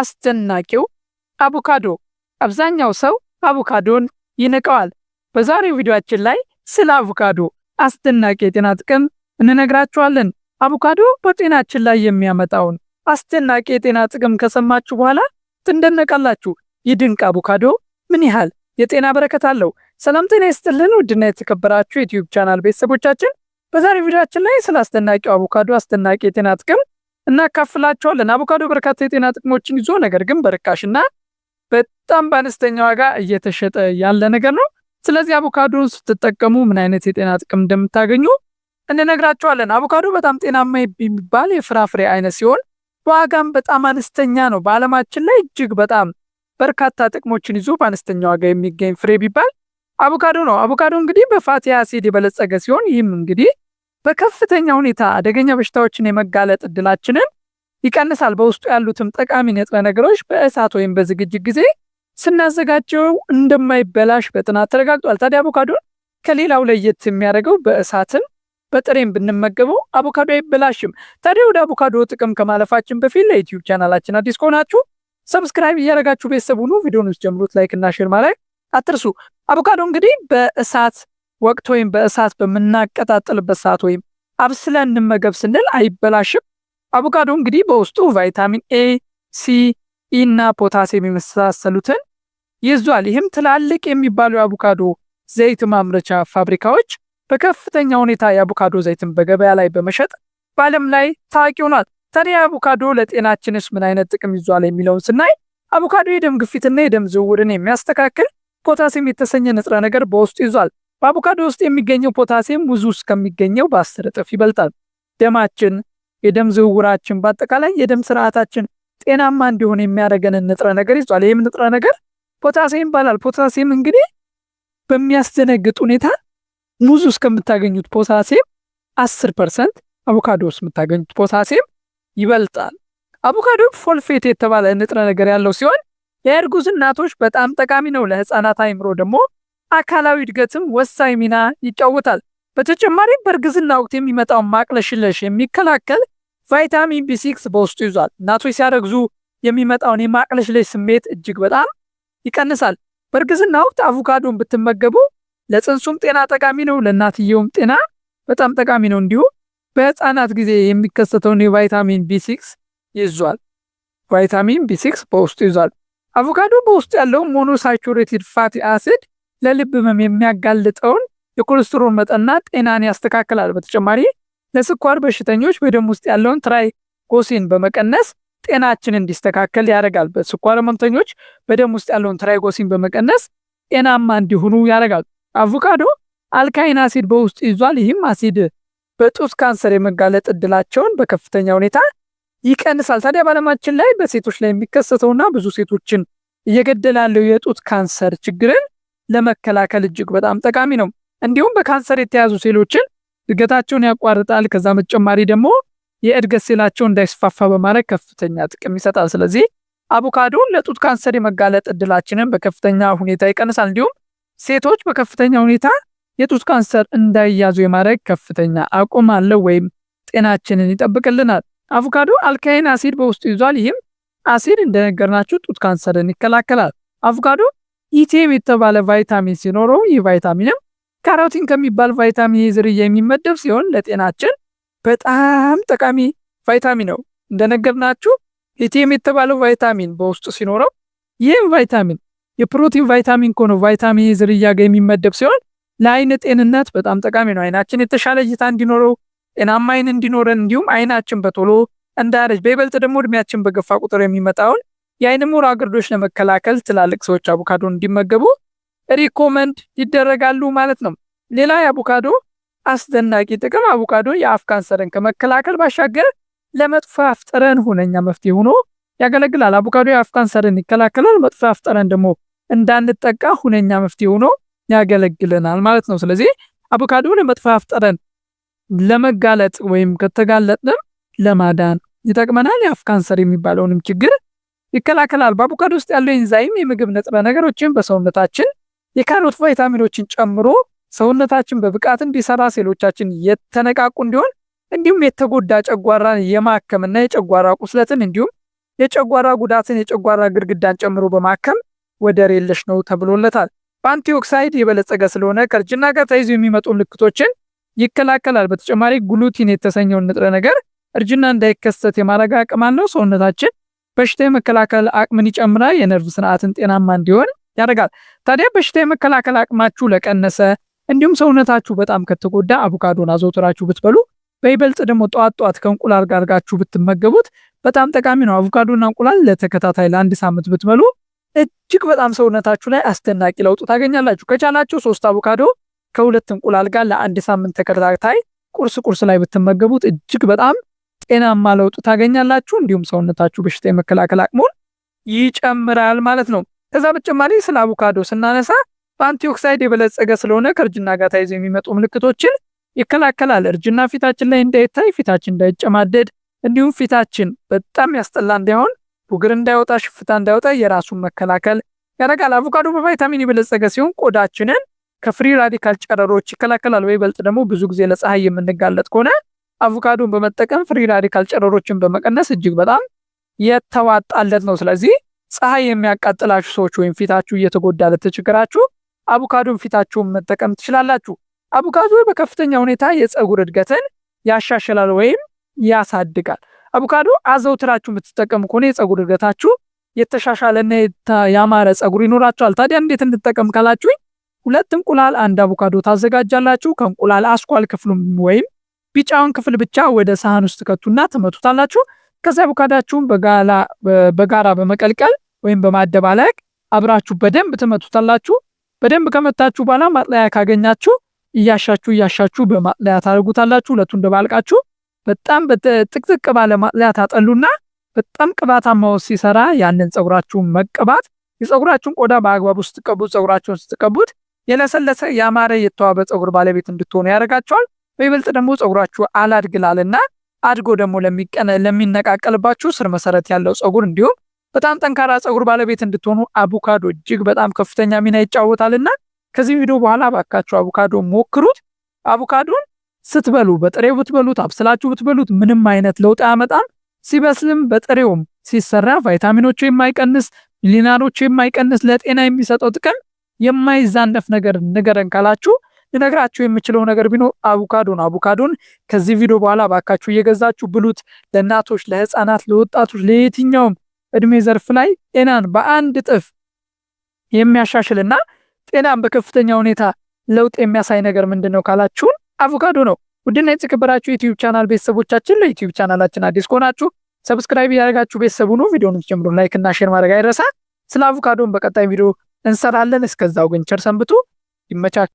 አስደናቂው አቮካዶ። አብዛኛው ሰው አቮካዶን ይንቀዋል። በዛሬው ቪዲዮአችን ላይ ስለ አቮካዶ አስደናቂ የጤና ጥቅም እንነግራችኋለን። አቮካዶ በጤናችን ላይ የሚያመጣውን አስደናቂ የጤና ጥቅም ከሰማችሁ በኋላ ትንደነቃላችሁ። ይህ ድንቅ አቮካዶ ምን ያህል የጤና በረከት አለው? ሰላም ጤና ይስጥልን ውድና የተከበራችሁ የዩቲዩብ ቻናል ቤተሰቦቻችን በዛሬው ቪዲዮአችን ላይ ስለ አስደናቂው አቮካዶ አስደናቂ የጤና ጥቅም እናካፍላቸዋለን። አቮካዶ በርካታ የጤና ጥቅሞችን ይዞ ነገር ግን በርካሽና በጣም በአነስተኛ ዋጋ እየተሸጠ ያለ ነገር ነው። ስለዚህ አቮካዶን ስትጠቀሙ ምን አይነት የጤና ጥቅም እንደምታገኙ እንነግራቸዋለን። አቮካዶ በጣም ጤናማ የሚባል የፍራፍሬ አይነት ሲሆን ዋጋም በጣም አነስተኛ ነው። በዓለማችን ላይ እጅግ በጣም በርካታ ጥቅሞችን ይዞ በአነስተኛ ዋጋ የሚገኝ ፍሬ ቢባል አቮካዶ ነው። አቮካዶ እንግዲህ በፋቲ አሲድ የበለጸገ ሲሆን ይህም እንግዲህ በከፍተኛ ሁኔታ አደገኛ በሽታዎችን የመጋለጥ እድላችንን ይቀንሳል። በውስጡ ያሉትም ጠቃሚ ንጥረ ነገሮች በእሳት ወይም በዝግጅት ጊዜ ስናዘጋጀው እንደማይበላሽ በጥናት ተረጋግጧል። ታዲያ አቮካዶን ከሌላው ለየት የሚያደርገው በእሳትም በጥሬም ብንመገበው አቮካዶ አይበላሽም። ታዲያ ወደ አቮካዶ ጥቅም ከማለፋችን በፊት ለዩትዩብ ቻናላችን አዲስ ከሆናችሁ ሰብስክራይብ እያደረጋችሁ ቤተሰብ ሁኑ። ቪዲዮን ውስጥ ጀምሩት። ላይክ እና ሼር ማድረግ አትርሱ። አቮካዶ እንግዲህ በእሳት ወቅት ወይም በእሳት በምናቀጣጥልበት ሰዓት ወይም አብስለን እንመገብ ስንል አይበላሽም። አቮካዶ እንግዲህ በውስጡ ቫይታሚን ኤ፣ ሲ፣ ኢ እና ፖታሲየም የመሳሰሉትን ይዟል። ይህም ትላልቅ የሚባሉ የአቮካዶ ዘይት ማምረቻ ፋብሪካዎች በከፍተኛ ሁኔታ የአቮካዶ ዘይትን በገበያ ላይ በመሸጥ በዓለም ላይ ታዋቂ ሆኗል። ታዲያ አቮካዶ ለጤናችንስ ምን አይነት ጥቅም ይዟል የሚለውን ስናይ አቮካዶ የደም ግፊትና የደም ዝውውርን የሚያስተካክል ፖታሲየም የተሰኘ ንጥረ ነገር በውስጡ ይዟል። በአቮካዶ ውስጥ የሚገኘው ፖታሲየም ሙዝ ውስጥ ከሚገኘው በአስር እጥፍ ይበልጣል። ደማችን፣ የደም ዝውውራችን፣ በአጠቃላይ የደም ስርዓታችን ጤናማ እንዲሆን የሚያደርገንን ንጥረ ነገር ይዟል። ይህም ንጥረ ነገር ፖታሲየም ይባላል። ፖታሲየም እንግዲህ በሚያስደነግጥ ሁኔታ ሙዝ ውስጥ ከምታገኙት ፖታሲየም 10 ፐርሰንት አቮካዶ ውስጥ የምታገኙት ፖታሲየም ይበልጣል። አቮካዶ ፎልፌት የተባለ ንጥረ ነገር ያለው ሲሆን ለእርጉዝ እናቶች በጣም ጠቃሚ ነው። ለህፃናት አይምሮ ደግሞ አካላዊ እድገትም ወሳኝ ሚና ይጫወታል። በተጨማሪም በእርግዝና ወቅት የሚመጣውን ማቅለሽለሽ የሚከላከል ቫይታሚን ቢ6 በውስጡ ይዟል። እናቶች ሲያረግዙ የሚመጣውን የማቅለሽለሽ ስሜት እጅግ በጣም ይቀንሳል። በእርግዝና ወቅት አቮካዶን ብትመገቡ ለጽንሱም ጤና ጠቃሚ ነው፣ ለእናትየውም ጤና በጣም ጠቃሚ ነው። እንዲሁም በህፃናት ጊዜ የሚከሰተውን የቫይታሚን ቢ6 ይዟል። ቫይታሚን ቢ6 በውስጡ ይዟል። አቮካዶ በውስጡ ያለው ሞኖሳቹሬትድ ፋቲ አሲድ ለልብ ህመም የሚያጋልጠውን የኮሌስትሮል መጠንና ጤናን ያስተካክላል። በተጨማሪ ለስኳር በሽተኞች በደም ውስጥ ያለውን ትራይጎሲን በመቀነስ ጤናችን እንዲስተካከል ያደርጋል። በስኳር ህመምተኞች በደም ውስጥ ያለውን ትራይጎሲን በመቀነስ ጤናማ እንዲሆኑ ያደርጋል። አቮካዶ አልካይን አሲድ በውስጡ ይዟል። ይህም አሲድ በጡት ካንሰር የመጋለጥ እድላቸውን በከፍተኛ ሁኔታ ይቀንሳል። ታዲያ በዓለማችን ላይ በሴቶች ላይ የሚከሰተውና ብዙ ሴቶችን እየገደላለው የጡት ካንሰር ችግርን ለመከላከል እጅግ በጣም ጠቃሚ ነው። እንዲሁም በካንሰር የተያዙ ሴሎችን እድገታቸውን ያቋርጣል። ከዛ በተጨማሪ ደግሞ የእድገት ሴላቸው እንዳይስፋፋ በማድረግ ከፍተኛ ጥቅም ይሰጣል። ስለዚህ አቮካዶ ለጡት ካንሰር የመጋለጥ እድላችንን በከፍተኛ ሁኔታ ይቀንሳል። እንዲሁም ሴቶች በከፍተኛ ሁኔታ የጡት ካንሰር እንዳይያዙ የማድረግ ከፍተኛ አቁም አለው ወይም ጤናችንን ይጠብቅልናል። አቮካዶ አልካይን አሲድ በውስጡ ይዟል። ይህም አሲድ እንደነገርናችሁ ጡት ካንሰርን ይከላከላል። አቮካዶ ኢቲኤም የተባለ ቫይታሚን ሲኖረው ይህ ቫይታሚንም ካሮቲን ከሚባል ቫይታሚን ዝርያ የሚመደብ ሲሆን ለጤናችን በጣም ጠቃሚ ቫይታሚን ነው። እንደነገርናችሁ ኢቲኤም የተባለው ቫይታሚን በውስጡ ሲኖረው ይህም ቫይታሚን የፕሮቲን ቫይታሚን ከሆነ ቫይታሚን ዝርያ ጋር የሚመደብ ሲሆን ለአይን ጤንነት በጣም ጠቃሚ ነው። አይናችን የተሻለ እይታ እንዲኖረው፣ ጤናማ አይን እንዲኖረን እንዲሁም አይናችን በቶሎ እንዳያረጅ በይበልጥ ደግሞ እድሜያችን በገፋ ቁጥር የሚመጣውን የአይን ሞራ ግርዶሽ ለመከላከል ትላልቅ ሰዎች አቮካዶን እንዲመገቡ ሪኮመንድ ይደረጋሉ ማለት ነው። ሌላ የአቮካዶ አስደናቂ ጥቅም አቮካዶ የአፍ ካንሰርን ከመከላከል ባሻገር ለመጥፎ አፍ ጠረን ሁነኛ መፍትሄ ሆኖ ያገለግላል። አቮካዶ የአፍ ካንሰርን ይከላከላል። መጥፎ አፍ ጠረን ደግሞ እንዳንጠቃ ሁነኛ መፍትሄ ሆኖ ያገለግለናል ማለት ነው። ስለዚህ አቮካዶ ለመጥፎ አፍ ጠረን ለመጋለጥ ወይም ከተጋለጥንም ለማዳን ይጠቅመናል። የአፍ ካንሰር የሚባለውንም ችግር ይከላከላል። በአቮካዶ ውስጥ ያለው ኤንዛይም የምግብ ንጥረ ነገሮችን በሰውነታችን የካሮት ቫይታሚኖችን ጨምሮ ሰውነታችን በብቃት እንዲሰራ ሴሎቻችን የተነቃቁ እንዲሆን እንዲሁም የተጎዳ ጨጓራን የማከምና የጨጓራ ቁስለትን እንዲሁም የጨጓራ ጉዳትን የጨጓራ ግድግዳን ጨምሮ በማከም ወደር የለሽ ነው ተብሎለታል። በአንቲኦክሳይድ የበለጸገ ስለሆነ ከእርጅና ጋር ተይዞ የሚመጡ ምልክቶችን ይከላከላል። በተጨማሪ ጉሉቲን የተሰኘውን ንጥረ ነገር እርጅና እንዳይከሰት የማረጋ አቅም አለው። ሰውነታችን በሽታ የመከላከል አቅምን ይጨምራል፣ የነርቭ ስርዓትን ጤናማ እንዲሆን ያደርጋል። ታዲያ በሽታ የመከላከል አቅማችሁ ለቀነሰ እንዲሁም ሰውነታችሁ በጣም ከተጎዳ አቮካዶን አዘውትራችሁ ብትበሉ በይበልጥ ደግሞ ጠዋት ጠዋት ከእንቁላል ጋር አድርጋችሁ ብትመገቡት በጣም ጠቃሚ ነው። አቮካዶና እንቁላል ለተከታታይ ለአንድ ሳምንት ብትበሉ እጅግ በጣም ሰውነታችሁ ላይ አስደናቂ ለውጥ ታገኛላችሁ። ከቻላችሁ ሶስት አቮካዶ ከሁለት እንቁላል ጋር ለአንድ ሳምንት ተከታታይ ቁርስ ቁርስ ላይ ብትመገቡት እጅግ በጣም ጤናማ ለውጥ ታገኛላችሁ። እንዲሁም ሰውነታችሁ በሽታ የመከላከል አቅሙን ይጨምራል ማለት ነው። ከዛ በተጨማሪ ስለ አቮካዶ ስናነሳ በአንቲኦክሳይድ የበለጸገ ስለሆነ ከእርጅና ጋር ተያይዞ የሚመጡ ምልክቶችን ይከላከላል። እርጅና ፊታችን ላይ እንዳይታይ፣ ፊታችን እንዳይጨማደድ፣ እንዲሁም ፊታችን በጣም ያስጠላ እንዳይሆን፣ ቡግር እንዳይወጣ፣ ሽፍታ እንዳይወጣ የራሱን መከላከል ያደርጋል። አቮካዶ በቫይታሚን የበለጸገ ሲሆን ቆዳችንን ከፍሪ ራዲካል ጨረሮች ይከላከላል። በይበልጥ ደግሞ ብዙ ጊዜ ለፀሐይ የምንጋለጥ ከሆነ አቮካዶን በመጠቀም ፍሪ ራዲካል ጨረሮችን በመቀነስ እጅግ በጣም የተዋጣለት ነው። ስለዚህ ፀሐይ የሚያቃጥላችሁ ሰዎች ወይም ፊታችሁ እየተጎዳ ለተቸገራችሁ አቮካዶን ፊታችሁን መጠቀም ትችላላችሁ። አቮካዶ በከፍተኛ ሁኔታ የፀጉር እድገትን ያሻሽላል ወይም ያሳድጋል። አቮካዶ አዘውትራችሁ የምትጠቀሙ ከሆነ የፀጉር እድገታችሁ የተሻሻለና ያማረ ፀጉር ይኖራችኋል። ታዲያ እንዴት እንጠቀም ካላችሁኝ ሁለት እንቁላል አንድ አቮካዶ ታዘጋጃላችሁ። ከእንቁላል አስኳል ክፍሉም ወይም ቢጫውን ክፍል ብቻ ወደ ሳህን ውስጥ ከቱና ትመቱታላችሁ። ከዚያ አቮካዳችሁን በጋራ በመቀልቀል ወይም በማደባለቅ አብራችሁ በደንብ ትመቱታላችሁ። በደንብ ከመታችሁ በኋላ ማጥለያ ካገኛችሁ እያሻችሁ እያሻችሁ በማጥለያ ታደርጉታላችሁ። ሁለቱን እንደባልቃችሁ በጣም ጥቅጥቅ ባለ ማጥለያ ታጠሉና በጣም ቅባታማው ሲሰራ ያንን ፀጉራችሁን መቀባት የፀጉራችሁን ቆዳ በአግባቡ ስትቀቡት ፀጉራችሁን ስትቀቡት የለሰለሰ ያማረ የተዋበ ፀጉር ባለቤት እንድትሆኑ ያደርጋቸዋል። በይበልጥ ደግሞ ፀጉራችሁ አላድግላልና አድጎ ደግሞ ለሚነቃቀልባችሁ ስር መሰረት ያለው ፀጉር እንዲሁም በጣም ጠንካራ ፀጉር ባለቤት እንድትሆኑ አቮካዶ እጅግ በጣም ከፍተኛ ሚና ይጫወታልና ከዚህ ቪዲዮ በኋላ ባካችሁ አቮካዶ ሞክሩት። አቮካዶን ስትበሉ በጥሬው ብትበሉት፣ አብስላችሁ ብትበሉት ምንም አይነት ለውጥ አያመጣም። ሲበስልም በጥሬውም ሲሰራ ቫይታሚኖቹ የማይቀንስ ሚሊናሮቹ የማይቀንስ ለጤና የሚሰጠው ጥቅም የማይዛነፍ ነገር ንገረን ካላችሁ ልነግራችሁ የምችለው ነገር ቢኖር ነው። አቮካዶን ከዚህ ቪዲዮ በኋላ ባካችሁ እየገዛችሁ ብሉት። ለእናቶች፣ ለህፃናት፣ ለወጣቶች፣ ለየትኛውም እድሜ ዘርፍ ላይ ጤናን በአንድ እጥፍ የሚያሻሽልና ጤናን በከፍተኛ ሁኔታ ለውጥ የሚያሳይ ነገር ምንድን ነው ካላችሁን አቮካዶ ነው። ውድና የተከበራችሁ ዩቲዩብ ቻናል ቤተሰቦቻችን ለዩቲዩብ ቻናላችን አዲስ ከሆናችሁ ሰብስክራይብ እያደረጋችሁ ቤተሰቡ ነው። ቪዲዮን ጀምሮ ላይክ እና ሼር ማድረግ አይረሳ። ስለ አቮካዶን በቀጣይ ቪዲዮ እንሰራለን። እስከዛው ግን ቸር ሰንብቱ። ይመቻችሁ።